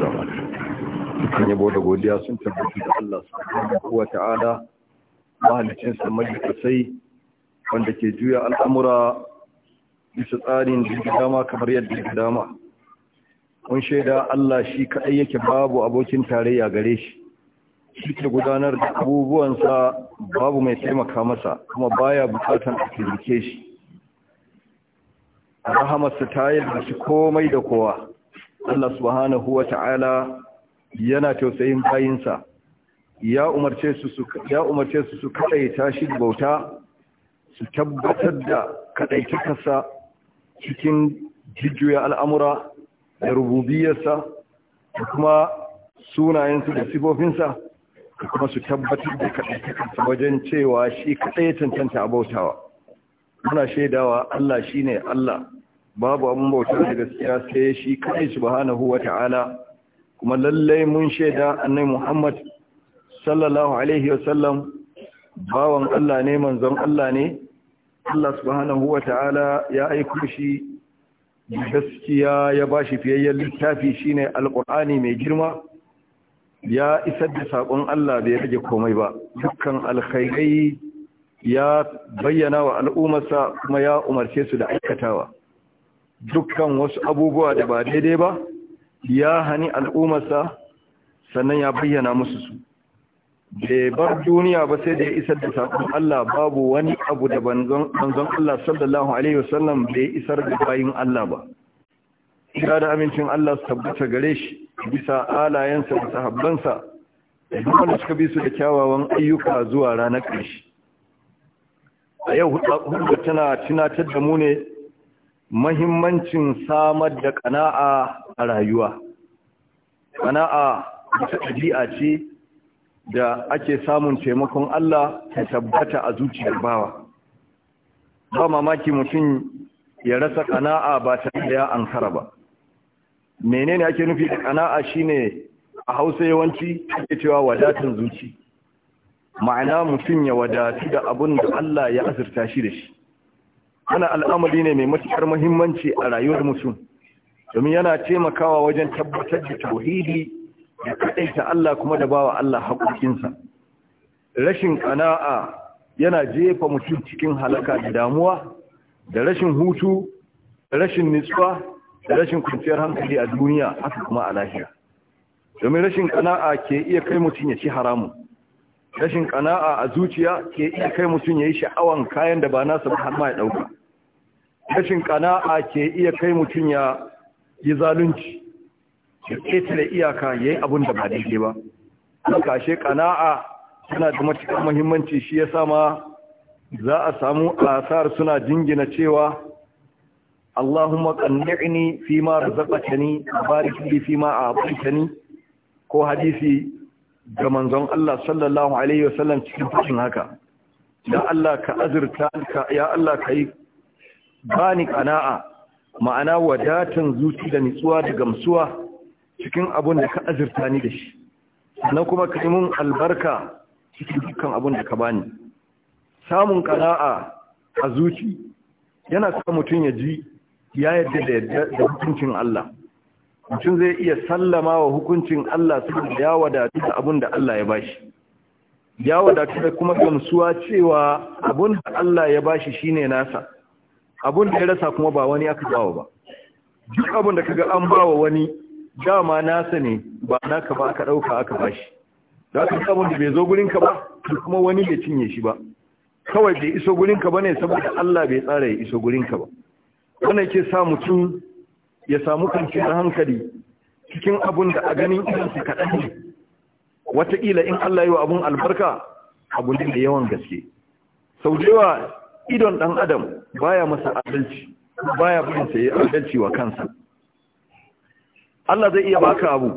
dukkan yabo da godiya sun tabbata da Allah subhanahu wa ta'ala mahalicin sa majalisai wanda ke juya al'amura bisa tsarin da dama kamar yadda ya dama kun shaida Allah shi kadai yake babu abokin tarayya gare shi shi ke gudanar da abubuwansa babu mai taimaka masa kuma baya bukatan a taimake shi rahamarsa ta yarda shi komai da kowa Allah subhanahu wa ta'ala yana tausayin bayinsa ya umarce su su ya shi bauta su tabbatar da kadaitakarsa cikin jijjuya al'amura da rububiyarsa da kuma sunayensu da sifofinsa da kuma su tabbatar da kadaitakarsa wajen cewa shi kadai tantanta abautawa muna shaidawa Allah shine Allah babu abin bautar da gaskiya sai shi kai subhanahu wata'ala kuma lallai mun shaida annabi Muhammad sallallahu alaihi wasallam bawan Allah ne manzon Allah ne Allah subhanahu wata'ala ya aika shi gaskiya ya bashi fiyayyen littafi shine alqur'ani mai girma ya isar da sakon Allah bai rage komai ba dukkan alkhairai ya bayyana wa al'ummarsa kuma ya umarce su da aikatawa dukkan wasu abubuwa da ba daidai ba ya hani al'ummarsa sannan ya bayyana musu su bai bar duniya ba sai da ya isar da saƙon Allah babu wani abu da banzan Allah sallallahu alaihi wasallam bai isar da bayin Allah ba kira da amincin Allah su tabbata gare shi bisa alayensa da sahabbansa da wanda suka bi su da kyawawan ayyuka zuwa ranar ƙarshe a yau hudu tana tunatar da mu ne mahimmancin samar da ƙana'a a rayuwa ƙana'a ta ɗabi'a ce da ake samun taimakon Allah ta tabbata a zuciyar bawa ba mamaki mutum ya rasa ƙana'a ba ta ya an kara ba menene ake nufi da ƙana'a shine a hausa yawanci ake cewa wadatar zuci ma'ana mutum ya wadatu da abin da Allah ya azurta shi da shi wani al'amari ne mai matuƙar muhimmanci a rayuwar mutum domin yana taimakawa wajen tabbatar da tauhidi da kaɗaita Allah kuma da bawa Allah haƙoƙinsa rashin ƙana'a yana jefa mutum cikin halaka da damuwa da rashin hutu rashin nitsuwa da rashin kwanciyar hankali a duniya haka kuma a lahira domin rashin ƙana'a ke iya kai mutum ya ci haramun rashin kana'a a zuciya ke iya kai mutum ya yi sha'awan kayan da ba nasa ba har ma ya ɗauka rashin kana'a ke iya kai mutum ya yi zalunci ya ƙetare iyaka ya yi abin da ba daidai ba kashe kana'a suna da matuƙar muhimmanci shi ya ma za a samu asar suna jingina cewa Allahumma qanni'ni fi ma razaqtani barik li fi ma a'taytani ko hadisi ga manzon Allah sallallahu alaihi wasallam cikin fashin haka ya Allah ka azurta ya Allah ka bani qana'a ma'ana wadatan zuci da nitsuwa da gamsuwa cikin abun da ka azurta ni da shi sannan kuma ka yi mun albarka cikin dukkan abun da ka bani samun qana'a a zuci yana sa mutum ya ji ya yadda da hukuncin Allah mutum zai iya sallama wa hukuncin Allah saboda ya wadatu da abin da Allah ya bashi ya wadatu da kuma gamsuwa cewa abin da Allah ya bashi shine nasa abin da ya rasa kuma ba wani aka bawa ba duk abin da kaga an bawa wani dama nasa ne ba naka ba aka dauka aka bashi da ka abin da bai zo gurin ka ba kuma wani bai cinye shi ba kawai bai iso gurin ka bane saboda Allah bai tsara ya iso gurin ka ba wannan ke sa mutum ya samu na hankali cikin abun da a ganin irinsu kaɗan ne wataƙila in Allah yi wa abun albarka abun da yawan gaske sau da yawa idon ɗan adam baya masa adalci baya burinsa ya adalci wa kansa Allah zai iya baka abu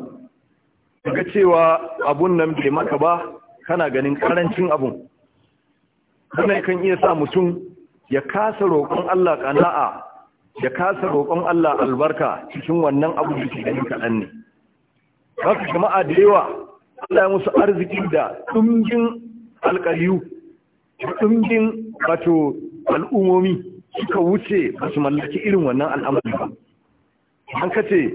ga cewa abun nan bai maka ba kana ganin ƙarancin abun wannan kan iya sa mutum ya kasa roƙon Allah ƙana'a da kasa roƙon Allah albarka cikin wannan abu da ke gani kaɗan ne haka jama'a da yawa Allah ya musu arziki da ɗungin alƙaliyu ɗungin wato al'ummomi suka wuce ba su mallaki irin wannan al'amari ba an kace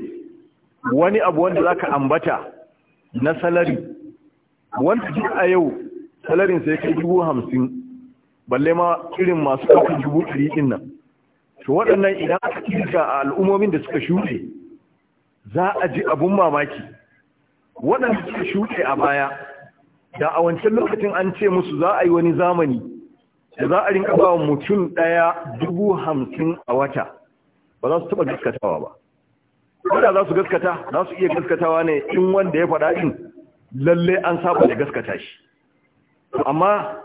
wani abu wanda za ka ambata na salari wanda duk a yau salarin sai kai dubu hamsin balle ma irin masu ɗaukar dubu ɗari ɗin nan to waɗannan idan aka kirga a al'ummomin da suka shuɗe za a ji abun mamaki waɗanda suka shuɗe a baya da a wancan lokacin an ce musu za a yi wani zamani da za a rinka ba mutum ɗaya dubu hamsin a wata ba za su taɓa gaskatawa ba wanda za su gaskata za su iya gaskatawa ne in wanda ya faɗa ɗin lalle an saba da gaskata shi amma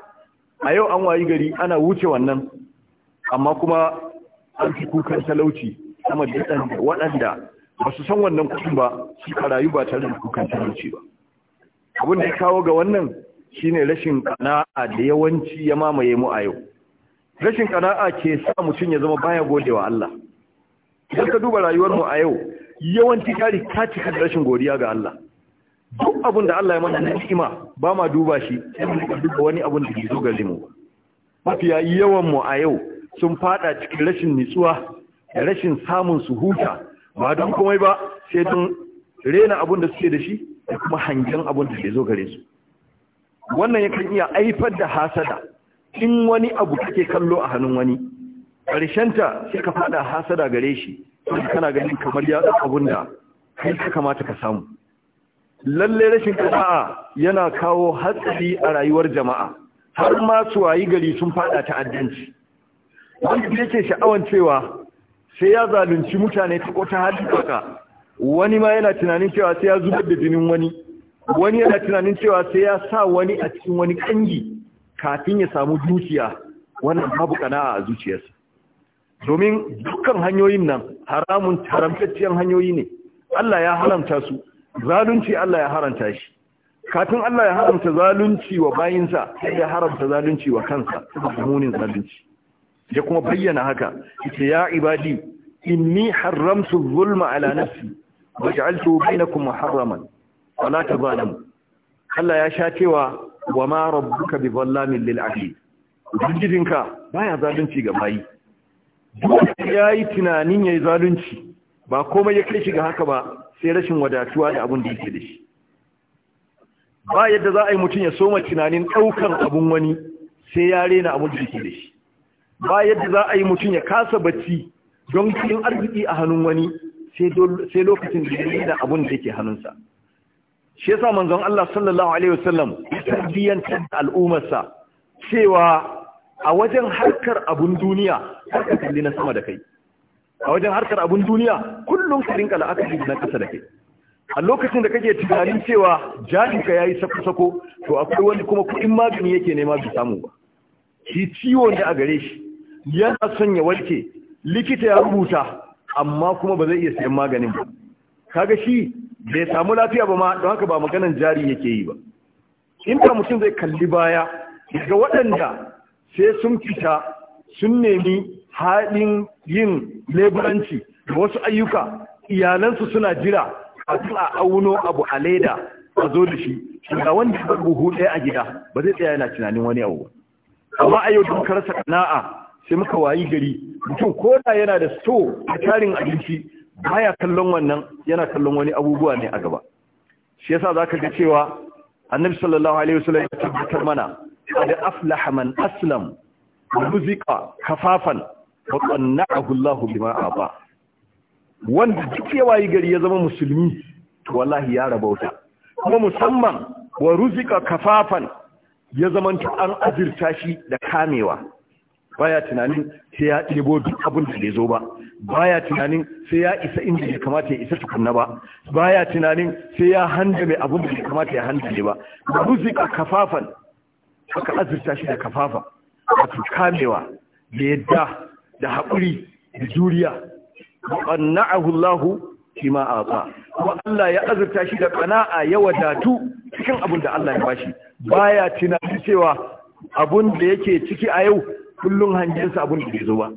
a yau an wayi gari ana wuce wannan amma kuma an fi kukan talauci sama da waɗanda ba su san wannan kuɗin ba ka rayu ba tare da kukan talauci ba abin da ya kawo ga wannan shine rashin kana'a da yawanci ya mamaye mu a yau rashin kana'a ke sa mutum ya zama baya gode wa Allah idan ka duba rayuwar mu a yau yawanci kari ta cika da rashin godiya ga Allah duk abin da Allah ya mana na ni'ima ba ma duba shi sai mu duba wani abin da ke zo ga mu mafiya yawan mu a yau sun fada cikin rashin nitsuwa da rashin samun su huta ba don komai ba sai don rena abin da suke da shi da kuma hangen abin da zai zo gare su wannan yakan iya aifar da hasada in wani abu kake kallo a hannun wani ƙarshenta sai ka fada hasada gare shi sai kana ganin kamar ya tsaka abin da kai ka kamata ka samu lalle rashin ƙasa'a yana kawo hatsari a rayuwar jama'a har ma su wayi gari sun fada ta'addanci wanda yake sha'awan cewa sai ya zalunci mutane ta ko ta hali haka wani ma yana tunanin cewa sai ya zubar da jinin wani wani yana tunanin cewa sai ya sa wani a cikin wani kangi kafin ya samu dukiya wannan babu kana'a a zuciyarsa domin dukkan hanyoyin nan haramun haramtacciyar hanyoyi ne Allah ya haramta su zalunci Allah ya haramta shi kafin Allah ya haramta zalunci wa bayinsa ya haramta zalunci wa kansa saboda munin zalunci ya kuma bayyana haka ita ya ibadi inni haramtu zulma ala nafsi wa ja'altu bainakum muharraman wala tazalamu Allah ya sha cewa wa ma rabbuka bi zallamin lil abid ubangijinka baya zalunci ga bayi duk yayi tunanin yayi zalunci ba komai ya kai shi ga haka ba sai rashin wadatuwa da abin da yake da shi ba yadda za a yi mutum ya soma tunanin ɗaukan abin wani sai ya rena abin da yake da shi ba yadda za a yi mutum ya kasa bacci don cikin arziki a hannun wani sai lokacin da yi da abun da yake hannunsa shi yasa manzon Allah sallallahu alaihi wasallam tarbiyantar al'ummarsa cewa a wajen harkar abun duniya ka kalli na sama da kai a wajen harkar abun duniya kullum ka rinka la'akari na kasa da kai a lokacin da kake tunanin cewa jarinka ya yi sako-sako to akwai wani kuma kuɗin magani yake nema bi samu ba shi ciwon da a gare shi yana son ya warke likita ya rubuta amma kuma ba zai iya sayan maganin ba kaga shi bai samu lafiya ba ma don haka ba maganan jari yake yi ba inda mutum zai kalli baya ga waɗanda sai sun fita sun nemi haɗin yin leburanci da wasu ayyuka iyalansu suna jira a a auno abu a leda a zo da shi ga wanda ya buhu ɗaya a gida ba zai tsaya yana tunanin wani abu ba amma a yau don karasa sai muka wayi gari mutum koda yana da so a tarin abinci baya kallon wannan yana kallon wani abubuwa ne a gaba shi yasa zaka ga cewa annabi sallallahu alaihi wasallam ya tabbatar mana da aflaha man aslam muzika kafafan wa qanna'ahu Allahu bima aba wanda duk ya wayi gari ya zama musulmi to wallahi ya rabauta kuma musamman wa ruzika kafafan ya zamanta an azirta shi da kamewa baya tunanin sai ya ɗebo duk abin da zai zo ba baya tunanin sai ya isa inda ya kamata ya isa tukunna ba baya tunanin sai ya handa mai abin da ya kamata ya ne ba ba ruzika kafafan aka azurta shi da kafafa a kamewa da yadda da haƙuri da juriya shi ma a ba kuma Allah ya azurta shi da ƙana'a ya wadatu cikin abin da Allah ya bashi baya tunanin cewa abun da yake ciki a yau kullum hanjinsa abin da bai zo ba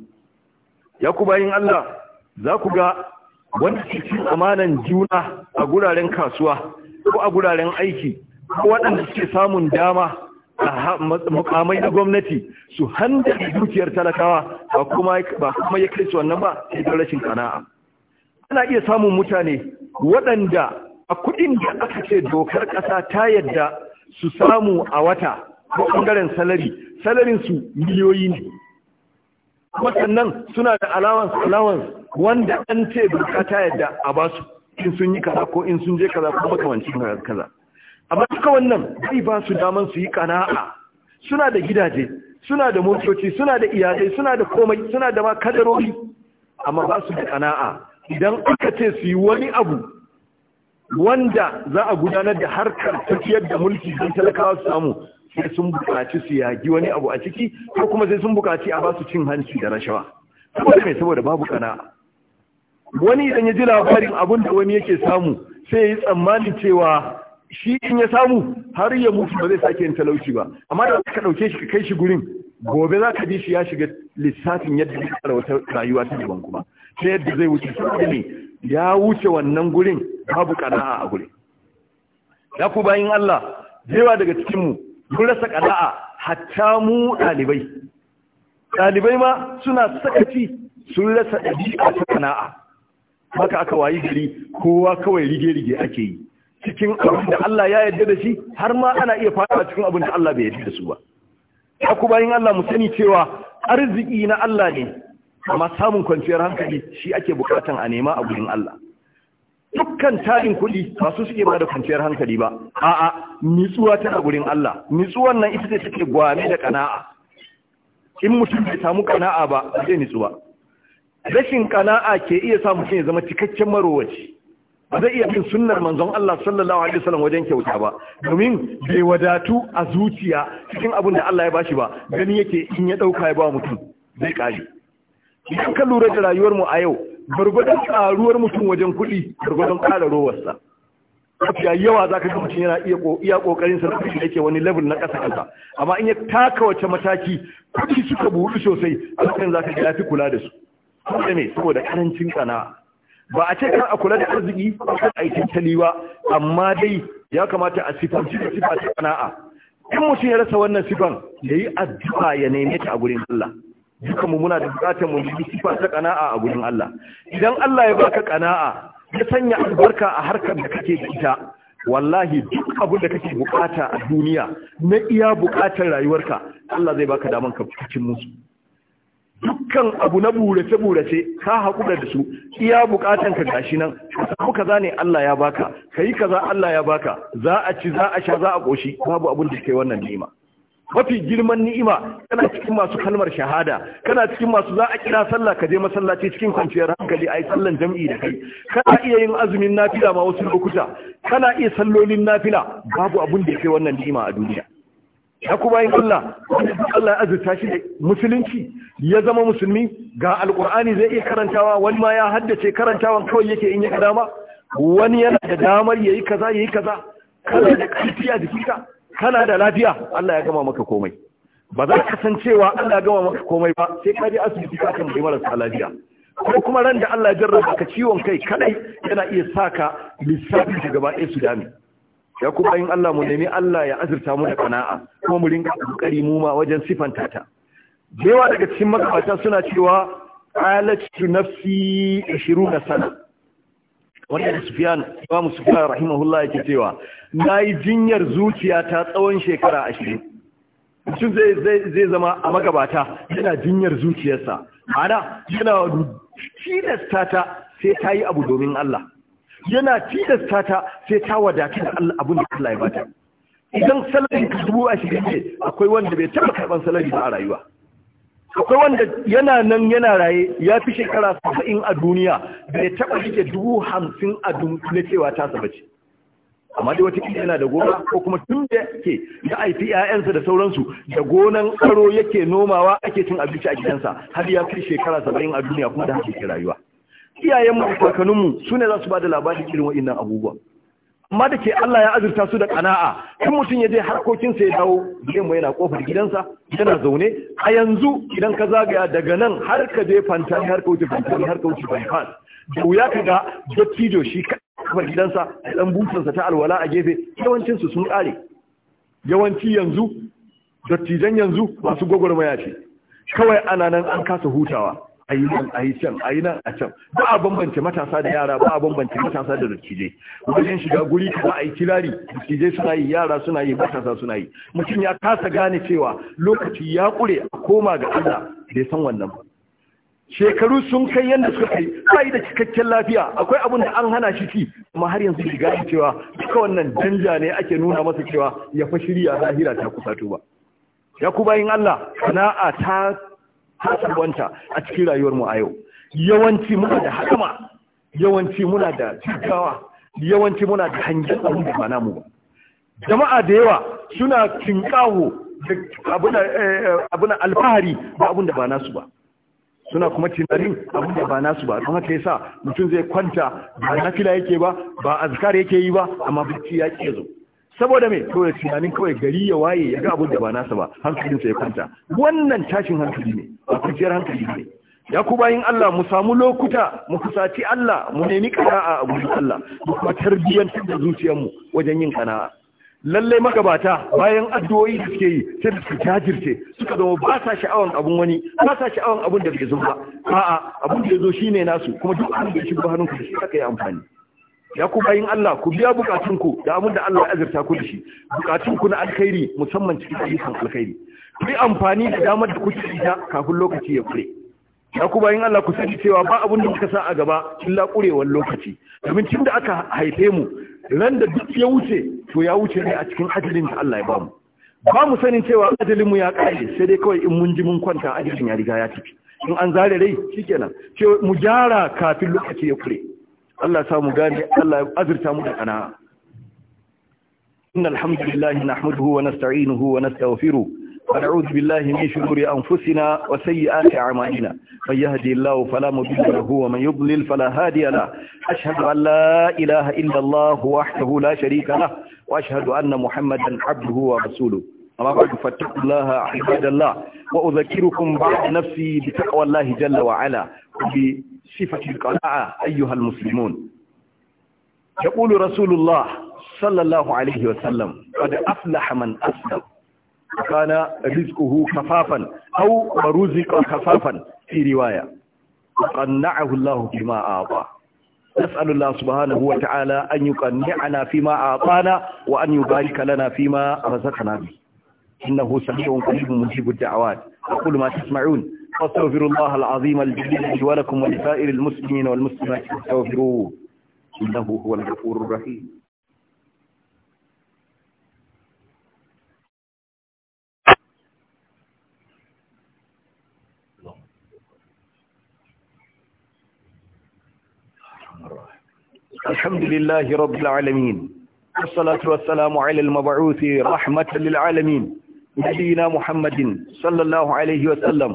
ya ku bayin Allah za ku ga wanda ke cin amanan juna a guraren kasuwa ko a guraren aiki ko waɗanda suke samun dama a mukamai na gwamnati su handa dukiyar talakawa ba kuma ya kai su wannan ba sai don rashin kana'a ana iya samun mutane waɗanda a kuɗin da aka ce dokar ƙasa ta yadda su samu a wata ko ɓangaren salari salarin su miliyoyi ne kuma sannan suna da allowance allowance wanda an ce doka ta yadda a ba su in sun yi kaza ko in sun je kaza ko makamancin kaza amma duka wannan zai ba su daman su yi kana'a suna da gidaje suna da motoci suna da iyalai suna da komai suna da ma kadarori amma ba su da kana'a idan aka ce su yi wani abu wanda za a gudanar da harkar tafiyar da mulki don talakawa su samu sai sun bukaci su yagi wani abu a ciki ko kuma sai sun bukaci a basu cin hanci da rashawa saboda mai saboda babu kana wani idan ya ji labarin abin da wani yake samu sai ya yi tsammanin cewa shi in ya samu har ya mutu ba zai sake yin talauci ba amma da ka ɗauke shi ka kai shi gurin gobe za ka ji shi ya shiga lissafin yadda zai tsara wata rayuwa ta daban kuma Sai yadda zai wuce saboda ne ya wuce wannan gurin babu kana'a a gurin ya ku bayin Allah wa daga cikinmu mun rasa ƙana'a hatta mu ɗalibai ɗalibai ma suna saka ci sun rasa ɗabi'a ta ƙana'a haka aka wayi gari kowa kawai rige-rige ake yi cikin abin da Allah ya yarda da shi har ma ana iya fada cikin abin da Allah bai yarda da su ba aku bayin Allah mu sani cewa arziki na Allah ne amma samun kwanciyar hankali shi ake bukatan a nema a gurin Allah dukkan tarin kuɗi ba suke ba da kwanciyar hankali ba a'a nitsuwa tana gurin Allah nitsuwan nan ita ce take gwane da kana'a in mutum bai samu kana'a ba zai nitsuwa rashin kana'a ke iya sa mutum ya zama cikakken marowaci ba zai iya bin sunnar manzon Allah sallallahu alaihi wasallam wajen kyauta ba domin bai wadatu a zuciya cikin abin da Allah ya bashi ba gani yake in ya dauka ya ba mutum zai kaji idan ka lura da rayuwar mu a yau gargwadon karuwar mutum wajen kuɗi gargwadon ƙara rowarsa mafiya yawa za ka mutum yana iya ƙoƙarin sa da yake wani level na ƙasa ƙasa amma in ya taka wace mataki kuɗi suka buɗu sosai a lokacin za ka ga fi kula da su kuma ne saboda ƙarancin tsana ba a ce kar a kula da arziki ba a yi tattali ba amma dai ya kamata a sifanci da sifa ta ƙana'a in mutum ya rasa wannan sifan ya yi addu'a ya neme ta a gurin Allah dukan mu muna da bukatar mu yi sifa ta kana'a a gurin Allah idan Allah ya baka kana'a ya sanya albarka a harkar da kake da ita wallahi duk abin da kake bukata a duniya na iya bukatar rayuwarka Allah zai baka daman ka cikin musu dukkan abu na burace burace ka hakura da su iya bukatan ka gashi nan ka kaza ne Allah ya baka kai kaza Allah ya baka za a ci za a sha za a ƙoshi, babu abin da kai wannan nima mafi girman ni'ima kana cikin masu kalmar shahada kana cikin masu za a kira sallah ka je masallaci cikin kwanciyar hankali ai sallan jam'i da kai kana iya yin azumin nafila ma wasu lokuta kana iya sallolin nafila babu abun da yake wannan ni'ima a duniya ya kuma yin Allah Allah ya azurta shi da musulunci ya zama musulmi ga alkur'ani zai iya karantawa wani ma ya haddace karantawan kawai yake in ya dama wani yana da damar yayi kaza yayi kaza kana da kafiya a jikinka kana da lafiya Allah ya gama maka komai ba za ka san cewa Allah ya gama maka komai ba sai ka ji asibiti ka kan mai marasa lafiya ko kuma ran da Allah ya jarraba ka ciwon kai kadai yana iya saka lissafi da gaba ɗaya su dami ya kuma yin Allah mu nemi Allah ya azurta mu da kana'a kuma mu rinka kokari mu ma wajen sifanta ta jewa daga cikin magabata suna cewa qalatu nafsi 20 sana wannan sufiyan imamu sufiyan rahimahullah yake cewa na yi jinyar zuciya ta tsawon shekara ashirin mutum zai zama a magabata yana jinyar zuciyarsa ana yana tilasta ta sai ta yi abu domin Allah yana tilasta ta sai ta wadata da Allah abin da Allah ya bata idan salarin ka dubu ashirin ne akwai wanda bai taɓa karɓar salari ba a rayuwa akwai wanda yana nan yana raye ya fi shekara saba'in a duniya da ya taɓa rike dubu hamsin a dunkule cewa ta saba ce amma dai wata kila yana da gona ko kuma tun da ke da haifi 'ya'yansa da sauransu da gonan aro yake nomawa ake cin abinci a gidansa har ya fi shekara saba'in a duniya kuma da haka ke rayuwa iyayen mu kakanninmu su ne za su ba da labarin irin waɗannan abubuwa amma da ke Allah ya azurta su da ƙana'a, in mutum ya je harkokinsa ya dawo gidan yana kofar gidansa yana zaune a yanzu idan ka zagaya daga nan har ka je fanta har ka wuce fanta har ka wuce bypass da wuya ka ga dattijo shi kofar gidansa a dan butansa ta alwala a gefe yawancin su sun kare yawanci yanzu dattijan yanzu masu gwagwarmaya ce kawai ana nan an kasa hutawa Ayi nan a can ba a bambance matasa da yara ba a bambance matasa da dattijai wajen shiga guri kuma a yi kirari dattijai suna yi yara suna yi matasa suna yi mutum ya kasa gane cewa lokaci ya kure a koma ga Allah da san wannan shekaru sun kai yadda suka kai ba da cikakken lafiya akwai abin da an hana shi ci kuma har yanzu shiga gane cewa duka wannan danja ne ake nuna masa cewa ya fa shirya lahira ta kusato ba ya ku Allah sana'a ta ta wanta a cikin rayuwar mu a yau yawanci muna da hakama yawanci muna da gaggawa yawanci muna da hangen abin da ba namu jama'a da yawa suna tinkaho da abin eh, alfahari da abin da ba nasu ba suna kuma tunanin abin da ba nasu ba don haka yasa mutum zai kwanta ba nafila yake ba ba azkar yake yi ba amma bacci ya ke zo saboda mai to ya tunanin kawai gari ya waye ya ga abin da ba nasa ba hankalinsa ya kwanta wannan tashin hankali ne a kwanciyar hankali ne ya ku bayin Allah mu samu lokuta mu kusaci Allah mu nemi kana'a a gurin Allah mu kuma tarbiyyantar da zuciyarmu wajen yin kana'a lallai magabata bayan addu'o'i da suke yi sai da su jajirce suka zama ba sa sha'awan abun wani ba sa sha'awan abun da bai zo ba a'a abun da ya zo shine nasu kuma duk abin da ya shigo hannunka shi aka yi amfani ya ku bayin Allah ku biya bukatun ku. da abin da Allah ya azurta ku da shi Bukatun ku na alkhairi musamman cikin ayyukan alkhairi ku yi amfani da damar da kuke da kafin lokaci ya kure ya ku bayin Allah ku sani cewa ba abin da muka sa a gaba illa kurewar lokaci domin tun da aka haife mu ran da duk ya wuce to ya wuce ne a cikin ajalin da Allah ya bamu ba mu sanin cewa ajalin mu ya kare sai dai kawai in mun ji mun kwanta ajalin ya riga ya tafi in an zare rai shikenan cewa mu gyara kafin lokaci ya kure Allah ya samu gane Allah ya azurta mu da kana Innal hamdulillahi nahmaduhu wa nasta'inuhu wa nastaghfiru wa na'udhu billahi min shururi anfusina wa sayyiati a'malina may yahdihillahu fala mudilla lahu wa may yudlil fala hadiya lahu ashhadu an la ilaha illa Allah wahdahu la sharika lahu wa ashhadu anna Muhammadan 'abduhu wa rasuluhu أما بعد فاتقوا الله عباد الله وأذكركم بعد نفسي بتقوى الله جل وعلا صفة القناعة أيها المسلمون يقول رسول الله صلى الله عليه وسلم قد أفلح من أسلم كان رزقه خفافا أو رزق خفافا في رواية قنعه الله بما أعطى نسأل الله سبحانه وتعالى أن يقنعنا فيما أعطانا وأن يبارك لنا فيما رزقنا به إنه سميع قريب مجيب الدعوات أقول ما تسمعون واستغفر الله العظيم الجليل لي ولكم ولسائر المسلمين والمسلمات استغفروه إنه هو الغفور الرحيم الحمد لله رب العالمين والصلاة والسلام على المبعوث رحمة للعالمين نبينا محمد صلى الله عليه وسلم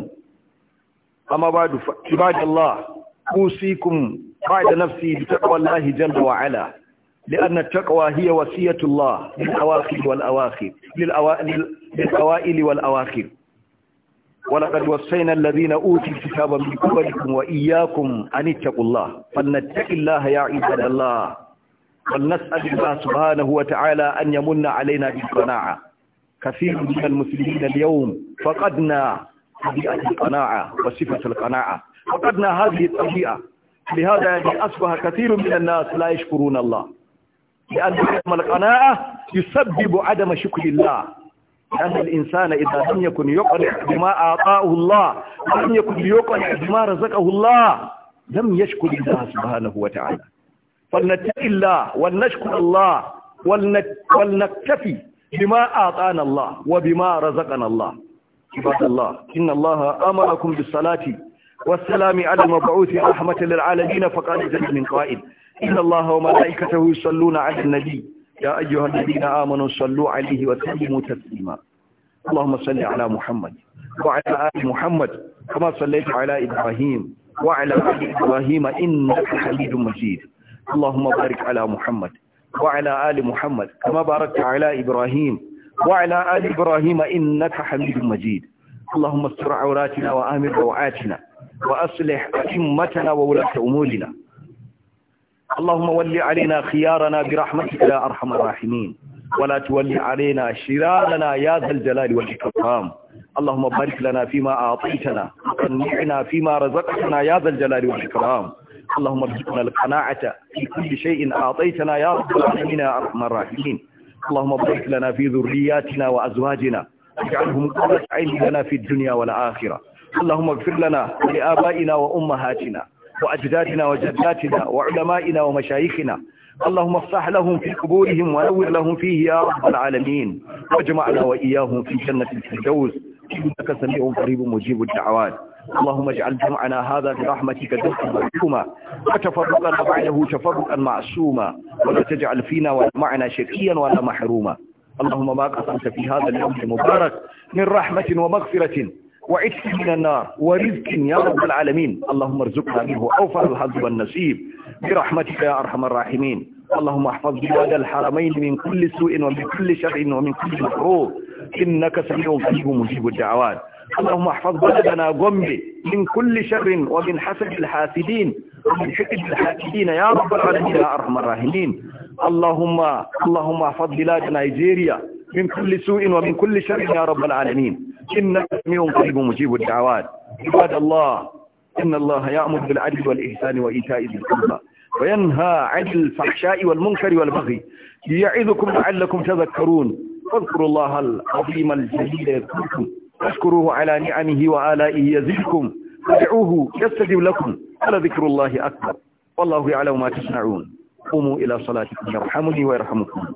أما بعد فعباد الله أوصيكم بعد نفسي بتقوى الله جل وعلا لأن التقوى هي وصية الله للأواخر والأواخر للأوائل والأواخر ولقد وصينا الذين أوتوا الكتاب من قبلكم وإياكم أن اتقوا الله فلنتق الله يا عباد الله ولنسأل الله سبحانه وتعالى أن يمن علينا بالقناعة كثير من المسلمين اليوم فقدنا طبيعة القناعة وصفة القناعة فقدنا هذه الطبيعة لهذا يعني أصبح كثير من الناس لا يشكرون الله لأن عدم القناعة يسبب عدم شكر الله لأن الإنسان إذا لم يكن يقنع بما أعطاه الله ولم يكن يقنع بما رزقه الله لم يشكر الله سبحانه وتعالى فلنتق الله ولنشكر الله ولنكتفي بما أعطانا الله وبما رزقنا الله عباد الله إن الله أمركم بالصلاة والسلام على المبعوث رحمة للعالمين فقال جل من قائل إن الله وملائكته يصلون على النبي يا أيها الذين آمنوا صلوا عليه وسلموا تسليما اللهم صل على محمد وعلى آل محمد كما صليت على إبراهيم وعلى آل إبراهيم إنك حميد مجيد اللهم بارك على محمد وعلى آل محمد كما باركت على إبراهيم وعلى آل إبراهيم إنك حميد مجيد اللهم استر عوراتنا وآمن روعاتنا وأصلح أئمتنا وولاة أمورنا اللهم ول علينا خيارنا برحمتك يا أرحم الراحمين ولا تول علينا شرارنا يا ذا الجلال والإكرام اللهم بارك لنا فيما أعطيتنا وقنعنا فيما رزقتنا يا ذا الجلال والإكرام اللهم ارزقنا القناعة في كل شيء أعطيتنا يا رب العالمين يا أرحم الراحمين اللهم بارك لنا في ذرياتنا وأزواجنا واجعلهم قرة عين لنا في الدنيا والآخرة اللهم اغفر لنا لآبائنا وأمهاتنا وأجدادنا وجداتنا وعلمائنا ومشايخنا اللهم افتح لهم في قبورهم ونور لهم فيه يا رب العالمين واجمعنا وإياهم في جنة الفردوس إنك سميع قريب مجيب الدعوات اللهم اجعل جمعنا هذا برحمتك دفعا محكوما وتفرقنا بعده تفرقا معصوما ولا تجعل فينا ولا معنا شقيا ولا محروما اللهم ما قسمت في هذا اليوم المبارك من رحمة ومغفرة وعتق من النار ورزق يا رب العالمين اللهم ارزقنا منه أوفر الحظ والنصيب برحمتك يا أرحم الراحمين اللهم احفظ بلاد الحرمين من كل سوء ومن كل شر ومن كل محروب إنك سميع قريب مجيب الدعوات اللهم احفظ بلدنا قمبي من كل شر ومن حسد الحاسدين ومن حقد الحاسدين يا رب العالمين يا أرحم الراحمين اللهم اللهم احفظ بلاد نيجيريا من كل سوء ومن كل شر يا رب العالمين إنك سميع قريب مجيب الدعوات عباد الله إن الله يأمر بالعدل والإحسان وإيتاء ذي القربى وينهى عن الفحشاء والمنكر والبغي ليعظكم لعلكم تذكرون فاذكروا الله العظيم الجليل يذكركم واشكروه على نعمه وآلائه يزدكم ادعوه يستجب لكم ولذكر الله أكبر والله يعلم ما تصنعون قوموا إلى صلاتكم يرحمني ويرحمكم